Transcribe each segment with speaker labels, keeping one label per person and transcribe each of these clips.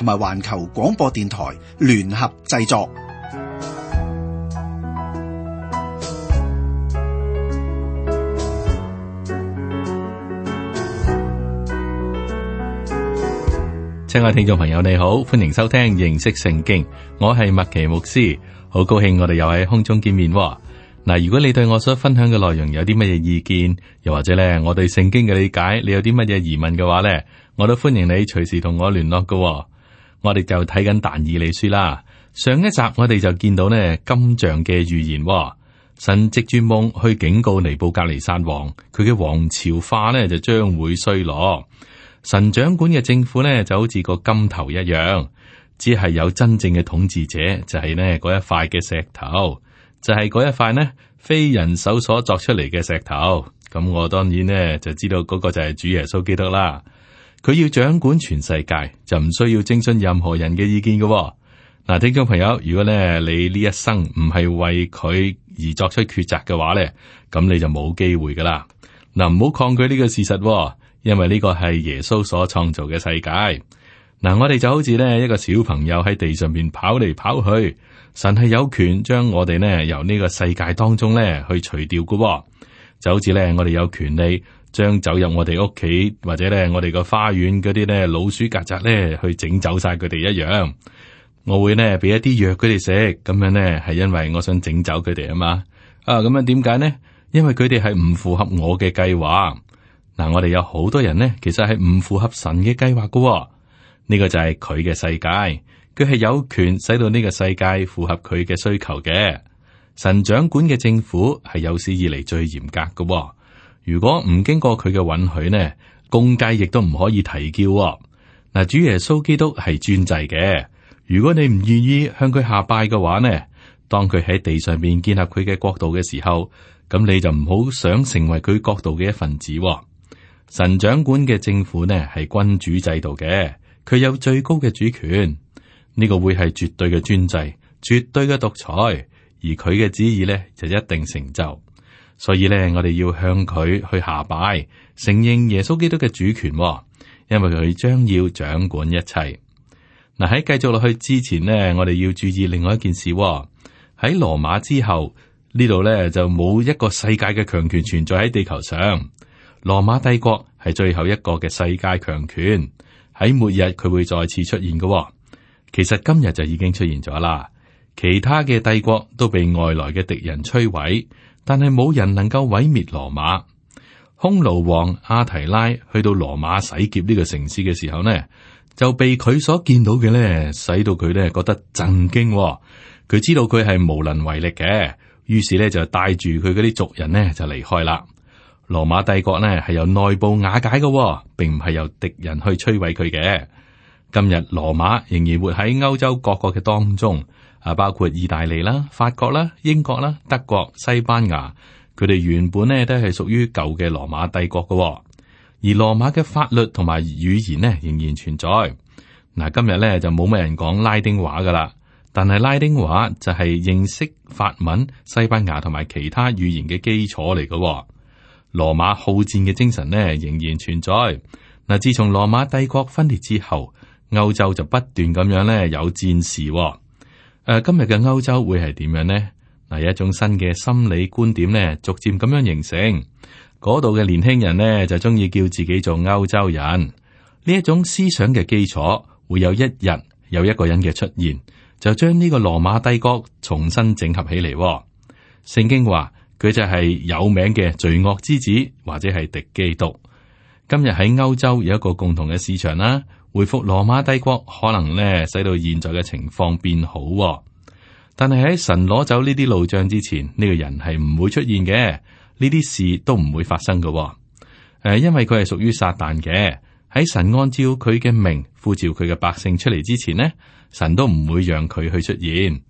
Speaker 1: 同埋環球廣播電台聯合製作。親愛的聽眾朋友，你好，歡迎收聽認識聖經。我係麥奇牧師，好高興我哋又喺空中見面嗱。如果你對我所分享嘅內容有啲乜嘢意見，又或者咧我對聖經嘅理解，你有啲乜嘢疑問嘅話咧，我都歡迎你隨時同我聯絡㗎。我哋就睇緊但以理書啦。上一集我哋就見到咧金像嘅預言，哦，神藉住夢去警告尼布甲尼撒王，佢嘅王朝化呢就將會衰落。神掌管嘅政府呢就好似個金頭一樣，只係有真正嘅統治者，就係呢嗰一塊嘅石頭，就係，是，嗰一塊呢非人手所作出嚟嘅石頭。咁我當然呢就知道嗰個就係主耶穌基督啦。佢要掌管全世界，就唔需要徵詢任何人嘅意見嘅。嗱，聽眾朋友，如果咧你呢一生唔係為佢而作出抉擇嘅話咧，咁你就冇機會噶啦。嗱，唔好抗拒呢個事實、哦，因為呢個係耶穌所創造嘅世界。嗱，我哋就好似咧一個小朋友喺地上面跑嚟跑去，神係有權將我哋呢由呢個世界當中咧去除掉嘅、哦。就好似咧，我哋有權利。將走入我哋屋企或者咧我哋個花園嗰啲咧老鼠、曱甴咧去整走晒佢哋一樣，我會咧俾一啲藥佢哋食，咁樣咧係因為我想整走佢哋啊嘛。啊咁樣點解咧？因為佢哋係唔符合我嘅計劃。嗱、啊，我哋有好多人咧，其實係唔符合神嘅計劃噶。呢、這個就係佢嘅世界，佢係有權使到呢個世界符合佢嘅需求嘅。神掌管嘅政府係有史以嚟最嚴格噶、哦。如果唔經過佢嘅允許呢，公雞亦都唔可以啼叫。嗱，主耶穌基督係專制嘅。如果你唔願意向佢下拜嘅話呢，當佢喺地上面建立佢嘅國度嘅時候，咁你就唔好想成為佢國度嘅一份子。神掌管嘅政府呢係君主制度嘅，佢有最高嘅主權。呢個會係絕對嘅專制，絕對嘅獨裁，而佢嘅旨意呢就一定成就。所以咧，我哋要向佢去下拜，承認耶穌基督嘅主權，因為佢將要掌管一切。嗱，喺繼續落去之前呢，我哋要注意另外一件事。喺羅馬之後呢度呢，就冇一個世界嘅強權存在喺地球上。羅馬帝國係最後一個嘅世界強權。喺末日，佢會再次出現嘅。其實今日就已經出現咗啦。其他嘅帝國都被外來嘅敵人摧毀。但係冇人能夠毀滅羅馬。匈奴王阿提拉去到羅馬洗劫呢個城市嘅時候呢，就被佢所見到嘅呢，使到佢呢覺得震驚。佢知道佢係無能為力嘅，於是呢就帶住佢嗰啲族人呢就離開啦。羅馬帝國呢係由內部瓦解嘅，並唔係由敵人去摧毀佢嘅。今日羅馬仍然活喺歐洲各國嘅當中。啊，包括意大利啦、法國啦、英國啦、德國、西班牙，佢哋原本呢都係屬於舊嘅羅馬帝國噶。而羅馬嘅法律同埋語言呢仍然存在。嗱，今日呢就冇咩人講拉丁話噶啦，但係拉丁話就係認識法文、西班牙同埋其他語言嘅基礎嚟噶。羅馬好戰嘅精神呢仍然存在。嗱，自從羅馬帝國分裂之後，歐洲就不斷咁樣呢有戰事。誒，今日嘅歐洲會係點樣呢？嗱，有一種新嘅心理觀點咧，逐漸咁樣形成。嗰度嘅年輕人咧，就中意叫自己做歐洲人。呢一種思想嘅基礎，會有一日有一個人嘅出現，就將呢個羅馬帝國重新整合起嚟。聖經話佢就係有名嘅罪惡之子，或者係敵基督。今日喺歐洲有一個共同嘅市場啦。回復羅馬帝國可能呢，使到現在嘅情況變好。但係喺神攞走呢啲路障之前，呢個人係唔會出現嘅，呢啲事都唔會發生嘅。誒，因為佢係屬於撒旦嘅。喺神按照佢嘅名呼召佢嘅百姓出嚟之前呢，神都唔會讓佢去出現。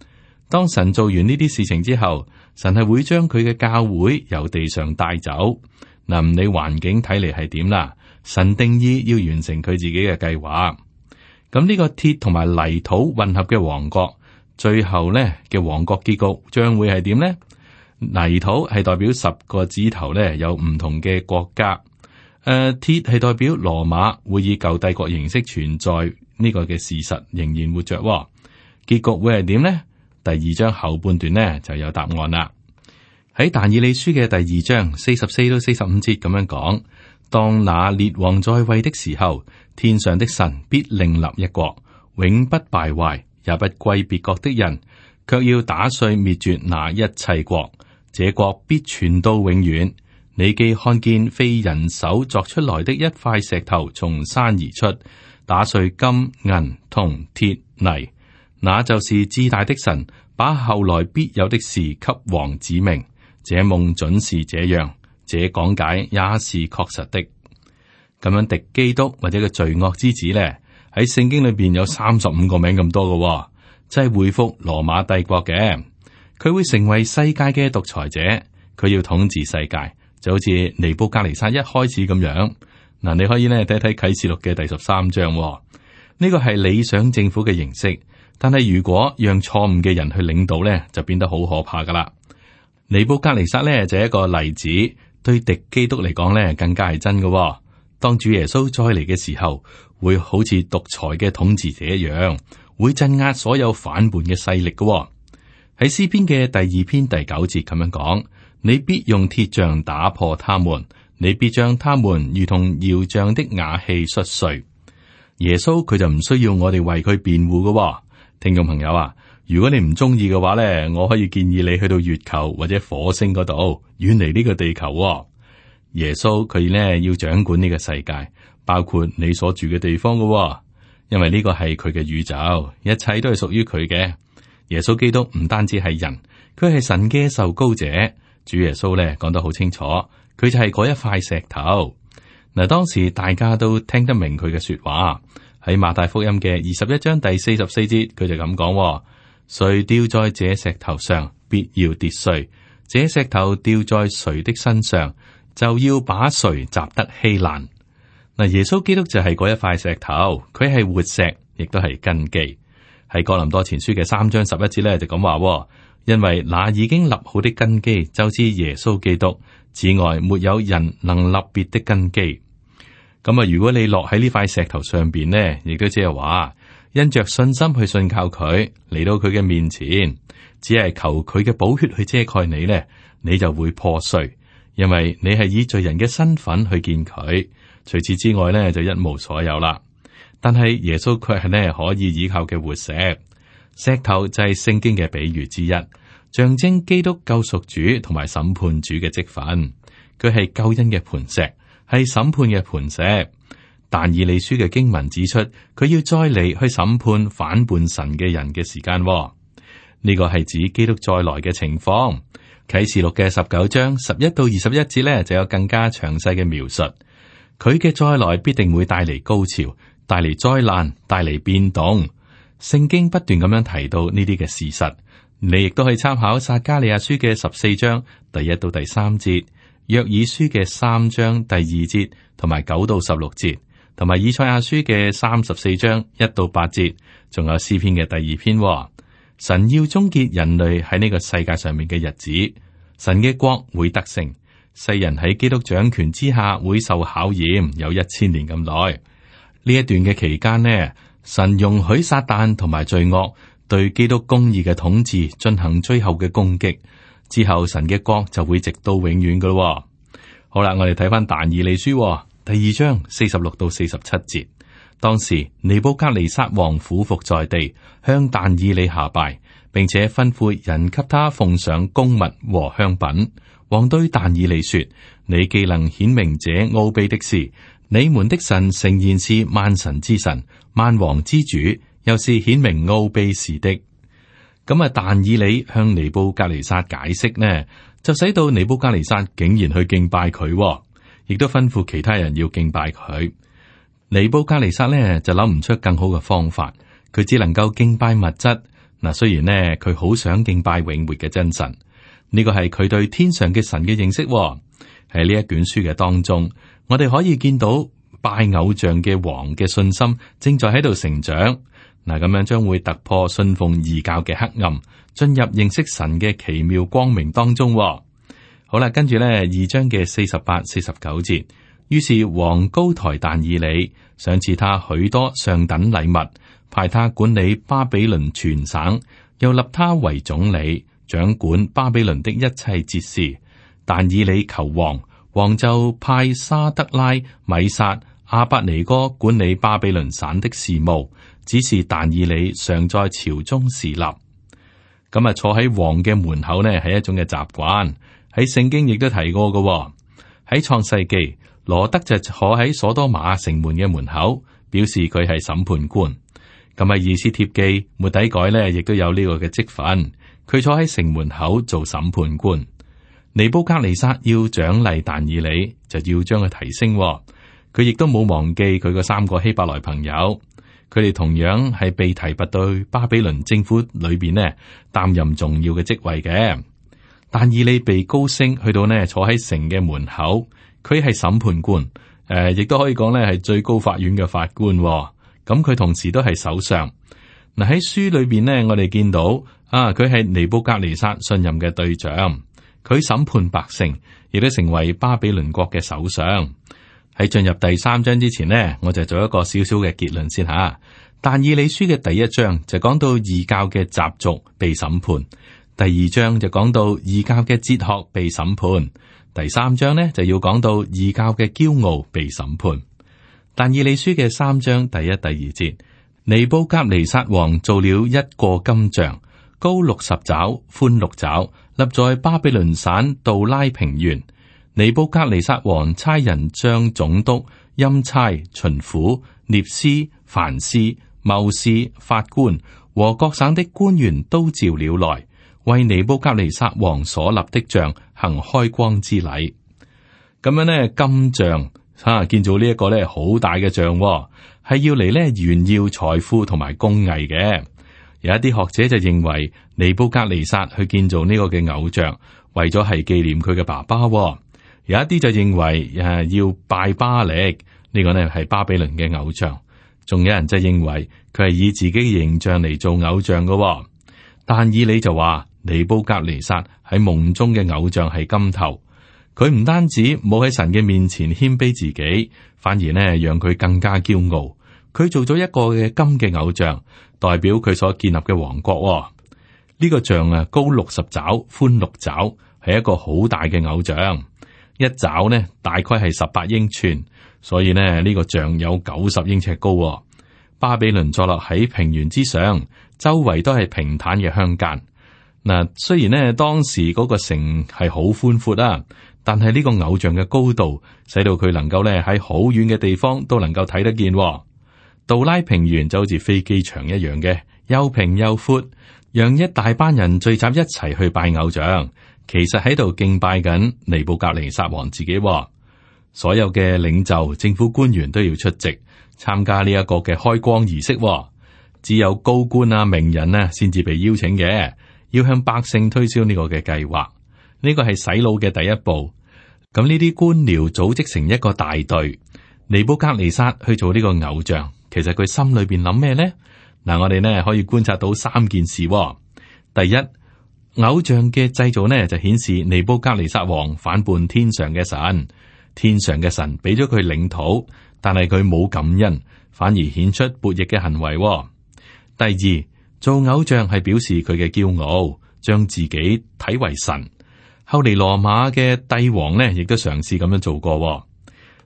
Speaker 1: 當神做完呢啲事情之後，神係會將佢嘅教會由地上帶走。嗱，唔理環境睇嚟係點啦？神定義要完成佢自己嘅計劃，咁呢個鐵同埋泥土混合嘅王國，最後呢嘅王國結局將會係點呢？泥土係代表十個指頭呢，有唔同嘅國家，誒、呃，鐵係代表羅馬會以舊帝國形式存在呢，這個嘅事實仍然活着。結局會係點呢？第二章後半段呢就有答案啦。喺但以理書嘅第二章四十四到四十五節咁樣講。當那列王在位的時候，天上的神必另立一國，永不敗壞，也不歸別國的人，卻要打碎滅絕那一切國。這國必存到永遠。你既看見非人手鑿出來的一塊石頭從山而出，打碎金、銀、銅、鐵、泥，那就是至大的神把後來必有的事給王指明。這夢準是這樣。這講解也是確實的。咁樣敵基督或者個罪惡之子咧，喺聖經裏邊有三十五個名咁多嘅、哦，即係恢復羅馬帝國嘅。佢會成為世界嘅獨裁者，佢要統治世界，就好似尼布甲尼撒一開始咁樣。嗱，你可以呢睇一睇啟示錄嘅第十三章、哦，呢、這個係理想政府嘅形式。但係如果讓錯誤嘅人去領導咧，就變得好可怕噶啦。尼布甲尼撒咧就是，一個例子。對敵基督嚟講呢更加係真噶、哦。當主耶穌再嚟嘅時候，會好似獨裁嘅統治者一樣，會鎮壓所有反叛嘅勢力噶、哦。喺詩篇嘅第二篇第九節咁樣講：你必用鐵杖打破他們，你必將他們如同窑匠的瓦器摔碎。耶穌佢就唔需要我哋為佢辯護噶、哦。聽眾朋友啊。如果你唔中意嘅話咧，我可以建議你去到月球或者火星嗰度，遠離呢個地球喎。耶穌佢咧要掌管呢個世界，包括你所住嘅地方嘅喎。因為呢個係佢嘅宇宙，一切都係屬於佢嘅。耶穌基督唔單止係人，佢係神嘅受膏者。主耶穌咧講得好清楚，佢就係嗰一塊石頭嗱、啊。當時大家都聽得明佢嘅說話，喺馬太福音嘅二十一章第四十四節，佢就咁講喎。誰掉在這石頭上，必要跌碎；這石頭掉在誰的身上，就要把誰砸得稀爛。嗱，耶穌基督就係嗰一塊石頭，佢係活石，亦都係根基。喺哥林多前書嘅三章十一節咧，就咁話喎：因為那已經立好的根基，就係耶穌基督，此外沒有人能立別的根基。咁啊，如果你落喺呢塊石頭上邊呢，亦都即係話。因着信心去信靠佢，嚟到佢嘅面前，只係求佢嘅寶血去遮蓋你咧，你就會破碎，因為你係以罪人嘅身份去見佢。除此之外咧，就一無所有啦。但係耶穌卻係咧可以倚靠嘅活石，石頭就係聖經嘅比喻之一，象徵基督救贖主同埋審判主嘅職份，佢係救恩嘅磐石，係審判嘅磐石。但以理書嘅經文指出，佢要再嚟去審判反叛神嘅人嘅時間呢、哦，呢個係指基督再來嘅情況。啟示錄嘅十九章十一到二十一節呢，就有更加詳細嘅描述。佢嘅再來必定會帶嚟高潮，帶嚟災難，帶嚟變動。聖經不斷咁樣提到呢啲嘅事實，你亦都可以參考撒加利亞書嘅十四章第一到第三節，約珥書嘅三章第二節同埋九到十六節。同埋以賽亞書嘅三十四章一到八節，仲有詩篇嘅第二篇，哦，神要終結人類喺呢個世界上面嘅日子，神嘅國會得勝，世人喺基督掌權之下會受考驗，有一千年咁耐。呢一段嘅期間呢，神容許撒旦同埋罪惡對基督公義嘅統治進行最後嘅攻擊，之後神嘅國就會直到永遠噶咯，哦。好啦，我哋睇翻但以理書，哦。第二章四十六到四十七節，當時尼布格尼沙王俯伏在地，向但以理下拜，並且吩咐人給他奉上供物和香品。王對但以理說：你既能顯明這奧秘的事，你們的神誠然是萬神之神、萬王之主，又是顯明奧秘事的。咁啊，但以理向尼布甲尼撒解釋呢，就使到尼布甲尼撒竟然去敬拜佢。亦都吩咐其他人要敬拜佢。尼布加尼撒咧就諗唔出更好嘅方法，佢只能夠敬拜物質。嗱，雖然呢，佢好想敬拜永活嘅真神，呢個係佢對天上嘅神嘅認識，哦。喺呢一卷書嘅當中，我哋可以見到拜偶像嘅王嘅信心正在喺度成長。嗱，咁樣將會突破信奉異教嘅黑暗，進入認識神嘅奇妙光明當中，哦。好啦，跟住呢二章嘅四十八、四十九節。於是王高抬但以理，賞賜他許多上等禮物，派他管理巴比倫全省，又立他為總理，掌管巴比倫的一切節事。但以理求王，王就派沙德拉、米撒、阿伯尼哥管理巴比倫省的事務，只是但以理常在朝中侍立。咁啊，坐喺王嘅門口呢，係一種嘅習慣。喺聖經亦都提過嘅，喺創世紀，羅得就坐喺所多瑪城門嘅門口，表示佢係審判官。咁啊，以斯帖記末底改呢亦都有呢個嘅職份，佢坐喺城門口做審判官。尼布加尼撒要獎勵但以理，就要將佢提升。佢亦都冇忘記佢個三個希伯來朋友，佢哋同樣係被提拔對巴比倫政府裏邊呢，擔任重要嘅職位嘅。但以理被高升去到呢，坐喺城嘅門口，佢係審判官，誒，亦都可以講呢係最高法院嘅法官。咁佢同時都係首相。嗱喺書裏邊呢，我哋見到啊，佢係尼布甲尼撒信任嘅隊長，佢審判百姓，亦都成為巴比倫國嘅首相。喺進入第三章之前呢，我就做一個少少嘅結論先吓。但以理書嘅第一章就講到異教嘅習俗被審判。第二章就講到異教嘅哲學被審判。第三章呢就要講到異教嘅驕傲被審判。但以理書嘅三章第一、第二節，尼布甲尼撒王做了一個金像，高六十肘，寬六肘，立在巴比倫省杜拉平原。尼布甲尼撒王差人將總督、欽差、巡撫、臬司、藩司、謀士、法官和各省的官員都召了來。為尼布甲尼撒王所立的像行開光之禮，咁樣呢，金像啊建造呢一個咧好大嘅像，哦，係要嚟咧炫耀財富同埋工藝嘅。有一啲學者就認為尼布甲尼撒去建造呢個嘅偶像，為咗係紀念佢嘅爸爸，哦；有一啲就認為誒要拜巴力，呢，呢個呢係巴比倫嘅偶像。仲有人就認為佢係以自己嘅形象嚟做偶像噶，哦。但以理就話。尼布格尼撒喺夢中嘅偶像係金頭，佢唔單止冇喺神嘅面前謙卑自己，反而呢讓佢更加驕傲。佢做咗一個嘅金嘅偶像，代表佢所建立嘅王國。呢個像啊，高六十爪，寬六爪，係一個好大嘅偶像。一爪呢，大概係十八英寸，所以呢，呢個像有九十英尺高。巴比倫坐落喺平原之上，周圍都係平坦嘅鄉間。嗱，雖然呢，當時嗰個城係好寬闊啊，但係呢個偶像嘅高度，使到佢能夠咧喺好遠嘅地方都能夠睇得見。杜拉平原就好似飛機場一樣嘅，又平又闊，讓一大班人聚集一齊去拜偶像。其實喺度敬拜緊尼布甲尼撒王自己。所有嘅領袖、政府官員都要出席參加呢一個嘅開光儀式。只有高官啊、名人咧、啊，先至被邀請嘅。要向百姓推銷呢個嘅計劃，呢個係洗腦嘅第一步。咁呢啲官僚組織成一個大隊，尼布甲尼撒去做呢個偶像，其實佢心裏邊諗咩呢？嗱，我哋呢可以觀察到三件事，哦。第一，偶像嘅製造呢就顯示尼布甲尼撒王反叛天上嘅神，天上嘅神俾咗佢領土，但係佢冇感恩，反而顯出叛逆嘅行為，哦。第二。做偶像係表示佢嘅驕傲，將自己睇為神。後嚟羅馬嘅帝王呢，亦都嘗試咁樣做過。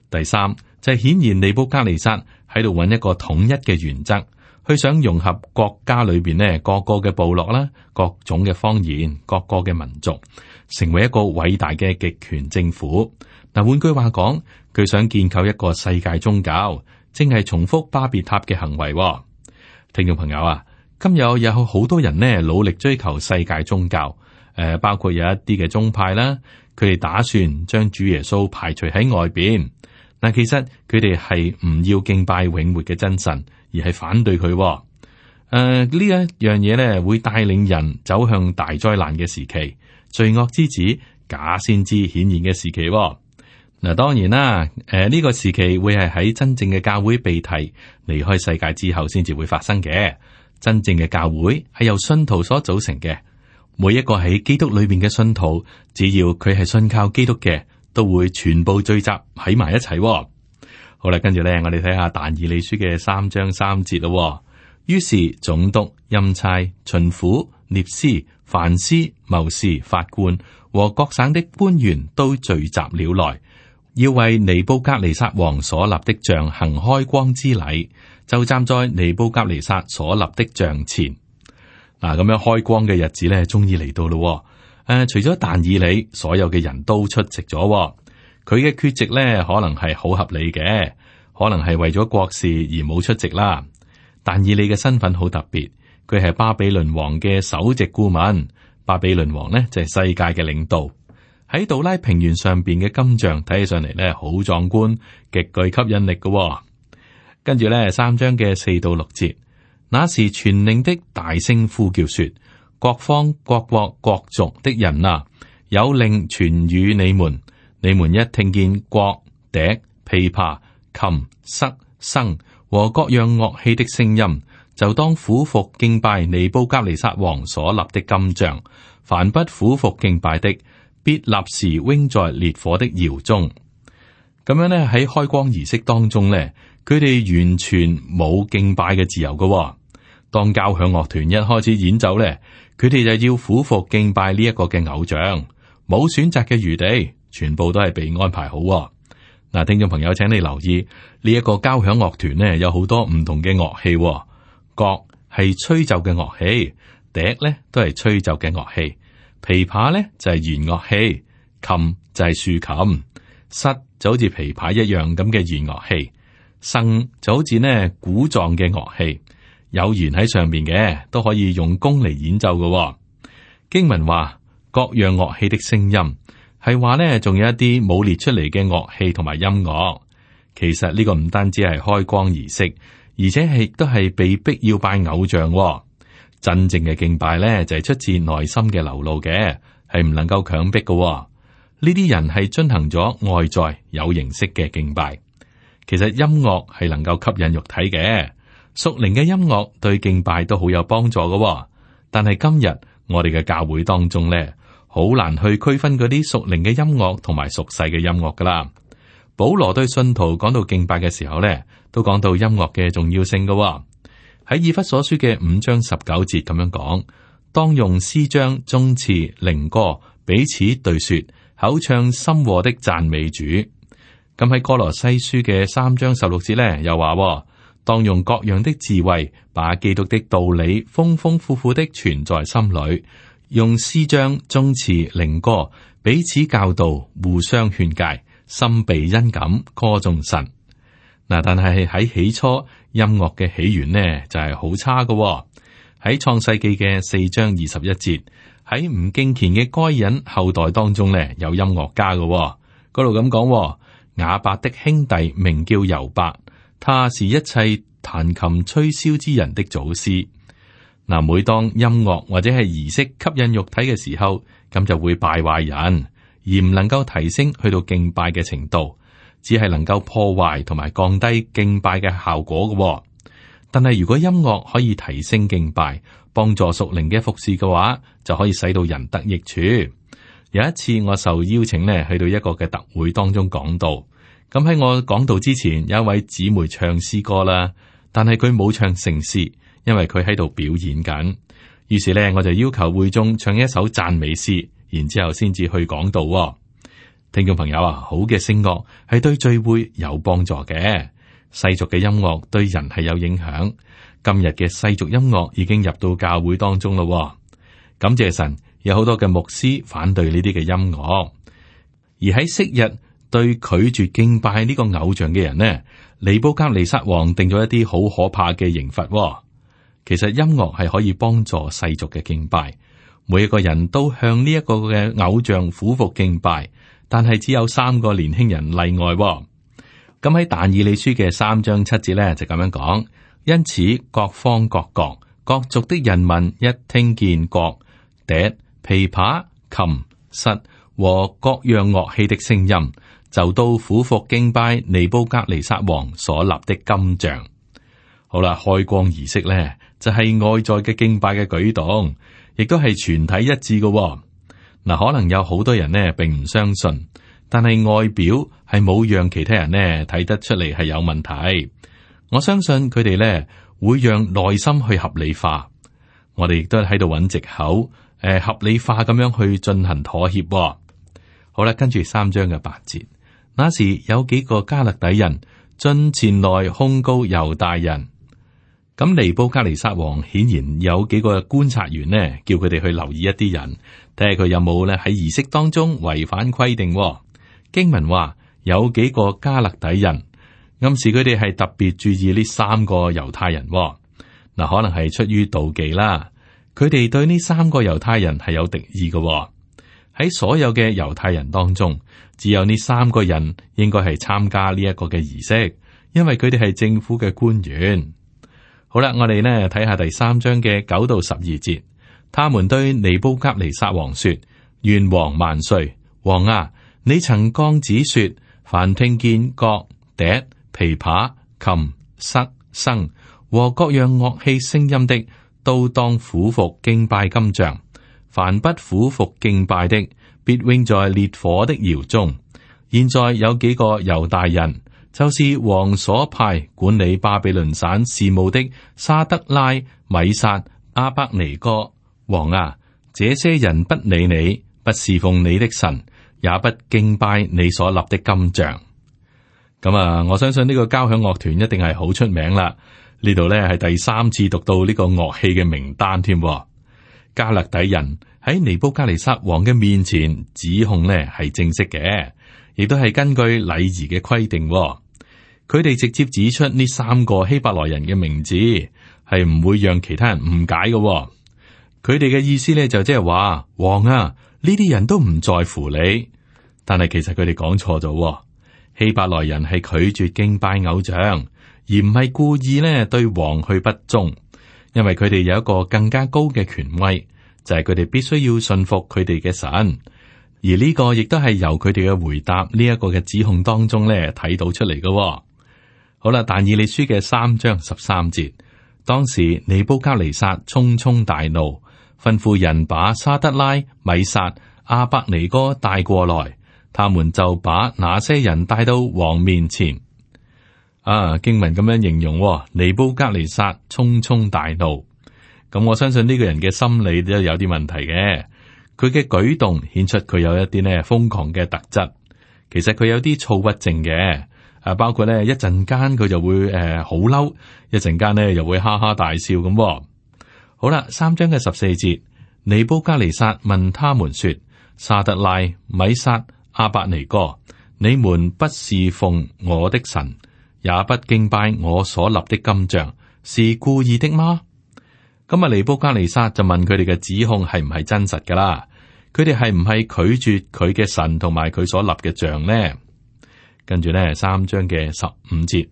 Speaker 1: 第三就係顯然尼布加尼薩喺度揾一個統一嘅原則，去想融合國家裏邊呢各個嘅部落啦，各種嘅方言，各個嘅民族，成為一個偉大嘅極權政府。嗱，換句話講，佢想建構一個世界宗教，正係重複巴別塔嘅行為。聽眾朋友啊！今日有好多人呢，努力追求世界宗教。誒、呃，包括有一啲嘅宗派啦，佢哋打算將主耶穌排除喺外邊。但其實佢哋係唔要敬拜永活嘅真神，而係反對佢、哦。誒、呃，呢一樣嘢咧，會帶領人走向大災難嘅時期，罪惡之子假先知顯現嘅時期、哦。嗱、呃，當然啦，誒、呃、呢、這個時期會係喺真正嘅教會被提離開世界之後，先至會發生嘅。真正嘅教會係由信徒所組成嘅，每一個喺基督裏面嘅信徒，只要佢係信靠基督嘅，都會全部聚集喺埋一齊、哦。好啦，跟住咧，我哋睇下但以理書嘅三章三節咯、哦。於是總督、欽差、巡撫、聶斯、凡斯、謀士、法官和各省的官員都聚集了來，要為尼布格尼撒王所立的像行開光之禮。就站在尼布甲尼撒所立的像前，嗱咁樣開光嘅日子咧，終於嚟到咯。誒、啊，除咗但以理，所有嘅人都出席咗。佢嘅缺席咧，可能係好合理嘅，可能係為咗國事而冇出席啦。但以理嘅身份好特別，佢係巴比倫王嘅首席顧問。巴比倫王呢，就係世界嘅領導。喺杜拉平原上邊嘅金像睇起上嚟咧，好壯觀，極具吸引力嘅。跟住咧，三章嘅四到六節，那時傳令的大聲呼叫說：各方各國各族的人啊，有令傳與你們。你們一聽見角、笛、琵琶、琴、瑟、笙和各樣樂器的聲音，就當俯伏敬拜尼布甲尼撒王所立的金像。凡不俯伏敬拜的，必立時扔在烈火的窯中。咁樣呢，喺開光儀式當中呢。佢哋完全冇敬拜嘅自由嘅、哦。當交響樂團一開始演奏咧，佢哋就要俯服敬拜呢一個嘅偶像，冇選擇嘅餘地，全部都係被安排好、哦。嗱，聽眾朋友，請你留意呢一、這個交響樂團咧，有好多唔同嘅樂器。角係吹奏嘅樂器，笛咧都係吹奏嘅樂器，琵琶咧就係弦樂器，琴就係豎琴，瑟就好似琵琶一樣咁嘅弦樂器。生就好似呢古狀嘅樂器，有弦喺上面嘅都可以用弓嚟演奏嘅、哦。經文話各樣樂器的聲音，係話呢仲有一啲冇列出嚟嘅樂器同埋音樂。其實呢個唔單止係開光儀式，而且係都係被逼要拜偶像、哦。真正嘅敬拜呢就係、是、出自內心嘅流露嘅，係唔能夠強迫嘅、哦。呢啲人係進行咗外在有形式嘅敬拜。其實音樂係能夠吸引肉體嘅，屬靈嘅音樂對敬拜都好有幫助㗎喎。但係今日我哋嘅教會當中咧，好難去區分嗰啲屬靈嘅音樂同埋屬世嘅音樂噶啦。保羅對信徒講到敬拜嘅時候咧，都講到音樂嘅重要性㗎喎。喺以弗所書嘅五章十九節咁樣講，當用詩章、頌詞、靈歌彼此對說，口唱心和的讚美主。咁喺《歌羅西書》嘅三章十六節呢，又話當用各樣的智慧，把基督的道理豐豐富富的存在心裏，用詩章、頌詞、靈歌彼此教導，互相勸誡，心被恩感歌頌神。嗱，但係喺起初音樂嘅起源呢，就係、是、好差噶、哦。喺創世紀嘅四章二十一節，喺唔敬虔嘅該隱後代當中呢，有音樂家噶。嗰度咁講。雅八的兄弟名叫猶八，他是一切彈琴吹簫之人的祖師。嗱，每當音樂或者係儀式吸引肉體嘅時候，咁就會敗壞人，而唔能夠提升去到敬拜嘅程度，只係能夠破壞同埋降低敬拜嘅效果嘅。但係如果音樂可以提升敬拜，幫助屬靈嘅服侍嘅話，就可以使到人得益處。有一次，我受邀請呢，去到一個嘅特會當中講道。咁喺我講道之前，有一位姊妹唱詩歌啦，但係佢冇唱聖詩，因為佢喺度表演緊。於是呢，我就要求會眾唱一首讚美詩，然之後先至去講道喎。聽眾朋友啊，好嘅聲樂係對聚會有幫助嘅。世俗嘅音樂對人係有影響。今日嘅世俗音樂已經入到教會當中咯喎。感謝神。有好多嘅牧師反對呢啲嘅音樂，而喺昔日對拒絕敬拜呢個偶像嘅人呢，尼布甲尼撒王定咗一啲好可怕嘅刑罰。其實音樂係可以幫助世俗嘅敬拜，每一個人都向呢一個嘅偶像俯伏敬拜，但係只有三個年輕人例外。咁喺但以理書嘅三章七節呢，就咁樣講。因此，各方各國各、各族的人民一聽見角笛，琵琶、琴、瑟和各樣樂器的聲音，就到俯伏敬拜尼布甲尼撒王所立的金像。好啦，開光儀式呢，就係、是、外在嘅敬拜嘅舉動，亦都係全體一致㗎嗱、哦。可能有好多人呢並唔相信，但係外表係冇讓其他人呢睇得出嚟係有問題。我相信佢哋呢，會讓內心去合理化。我哋亦都喺度揾藉口。誒，合理化咁樣去進行妥協。好啦，跟住三章嘅八節，那時有幾個加勒底人進前來控告猶大人。咁尼布加尼撒王顯然有幾個觀察員呢，叫佢哋去留意一啲人，睇下佢有冇呢喺儀式當中違反規定。經文話有幾個加勒底人，暗示佢哋係特別注意呢三個猶太人。嗱，可能係出於妒忌啦。佢哋 對呢三個猶太人係有敵意嘅。哦，喺所有嘅猶太人當中，只有呢三個人應該係參加呢一個嘅儀式，因為佢哋係政府嘅官員。好啦，我哋呢睇下第三章嘅九到十二節，他們對尼布甲尼撒王說：願王萬歲！王啊，你曾降旨說，凡聽見角笛、琵琶、琴、瑟、笙和各樣樂器聲音的。都當俯伏敬拜金像，凡不俯伏敬拜的，必扔在烈火的窯中。現在有幾個猶大人，就是王所派管理巴比倫省事務的沙得拉、米煞、亞伯尼歌，王啊，這些人不理你，不事奉你的神，也不敬拜你所立的金像。咁啊，我相信呢個交響樂團一定係好出名啦。呢度咧，係第三次讀到呢個樂器嘅名單添。迦勒底人喺尼布加尼撒王嘅面前指控，呢係正式嘅，亦都係根據禮儀嘅規定。佢哋直接指出呢三個希伯來人嘅名字，係唔會讓其他人誤解嘅。佢哋嘅意思咧，就即係話，王啊，呢啲人都唔在乎你。但係其實佢哋講錯咗，希伯來人係拒絕敬拜偶像。而唔係故意呢對王去不忠，因為佢哋有一個更加高嘅權威，就係佢哋必須要信服佢哋嘅神。而呢個亦都係由佢哋嘅回答呢一個嘅指控當中呢睇到出嚟噶。好啦，但以理書嘅三章十三節，當時尼布甲尼撒沖沖大怒，吩咐人把沙德拉、米撒、阿伯尼哥帶過來，他們就把那些人帶到王面前。啊，經文咁樣形容尼布加尼撒，沖沖大怒。咁我相信呢個人嘅心理都有啲問題嘅。佢嘅舉動顯出佢有一啲呢瘋狂嘅特質。其實佢有啲躁鬱症嘅。啊，包括呢一陣間佢就會誒好嬲，一陣間呢又會哈哈大笑咁。好啦，三章嘅十四節，尼布加尼撒問,、呃、問他們說：，撒特拉、米沙、阿伯尼哥，你們不事奉我的神？也不敬拜我所立的金像，是故意的嗎？咁啊，尼布甲尼撒就問佢哋嘅指控係唔係真實噶啦？佢哋係唔係拒絕佢嘅神同埋佢所立嘅像呢？跟住呢三章嘅十五節，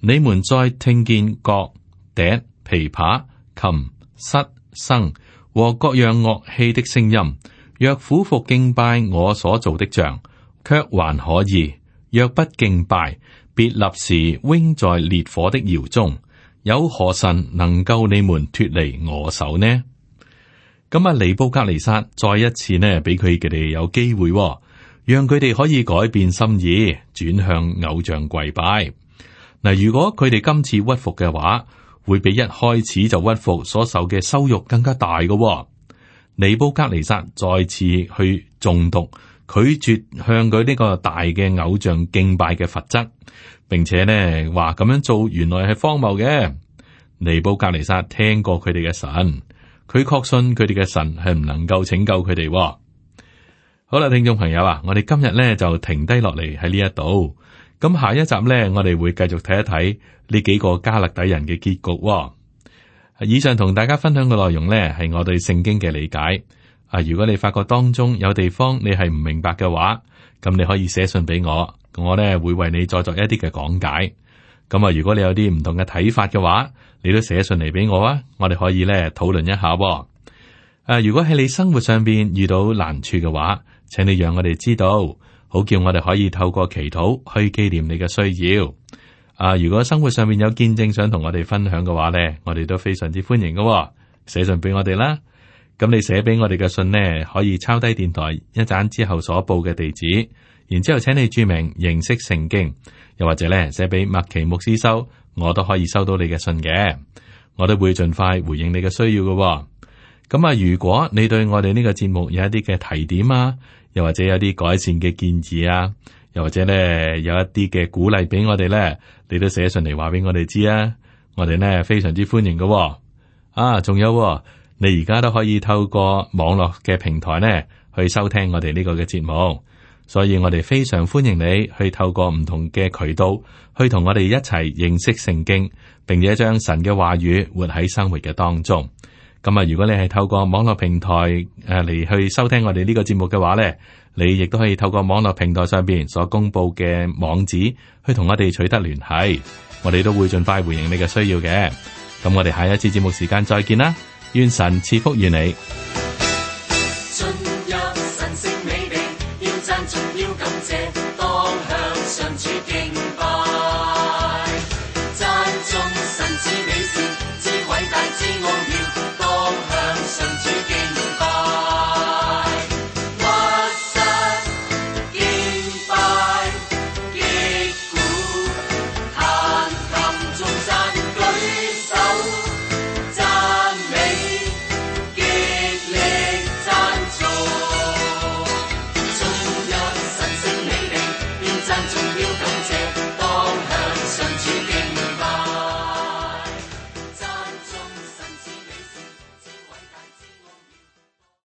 Speaker 1: 你們再聽見角笛、琵琶、琴、瑟笙和各樣樂器的聲音，若俯伏敬拜我所造的像，卻還可以；若不敬拜，必立時擁在烈火的窑中，有何神能夠你們脫離我手呢？咁啊，尼布格尼撒再一次呢，俾佢哋有機會，讓佢哋可以改變心意，轉向偶像跪拜。嗱，如果佢哋今次屈服嘅話，會比一開始就屈服所受嘅羞辱更加大嘅。尼布格尼撒再次去中毒。拒絕向佢呢個大嘅偶像敬拜嘅罰則，並且呢，話咁樣做原來係荒謬嘅。尼布格尼薩聽過佢哋嘅神，佢確信佢哋嘅神係唔能夠拯救佢哋。好啦，聽眾朋友啊，我哋今日咧就停低落嚟，喺呢一度。咁下一集咧，我哋會繼續睇一睇呢幾個加勒底人嘅結局。以上同大家分享嘅內容呢，係我對聖經嘅理解。啊！如果你發覺當中有地方你係唔明白嘅話，咁你可以寫信俾我，我呢會為你再作，作一啲嘅講解。咁啊，如果你有啲唔同嘅睇法嘅話，你都寫信嚟俾我啊，我哋可以呢討論一下。誒，如果喺你生活上邊遇到難處嘅話，請你讓我哋知道，好叫我哋可以透過祈禱去紀念你嘅需要。啊，如果生活上面有見證想同我哋分享嘅話呢，我哋都非常之歡迎嘅，寫信俾我哋啦。咁你寫俾我哋嘅信呢，可以抄低電台一陣之後所報嘅地址，然之後請你注明認識聖經，又或者咧寫俾麥奇牧師收，我都可以收到你嘅信嘅，我都會盡快回應你嘅需要嘅喎。咁啊，如果你對我哋呢個節目有一啲嘅提點啊，又或者有啲改善嘅建議啊，又或者咧有一啲嘅鼓勵俾我哋咧，你都寫信嚟話俾我哋知啊，我哋咧非常之歡迎嘅喎。啊，仲有喎。你而家都可以透過網絡嘅平台呢去收聽我哋呢個嘅節目，所以我哋非常歡迎你去透過唔同嘅渠道去同我哋一齊認識聖經，並且將神嘅話語活喺生活嘅當中。咁、嗯、啊，如果你係透過網絡平台誒嚟、呃、去收聽我哋呢個節目嘅話呢，你亦都可以透過網絡平台上邊所公佈嘅網址去同我哋取得聯繫，我哋都會盡快回應你嘅需要嘅。咁、嗯，我哋下一次節目時間再見啦。願神賜福於你。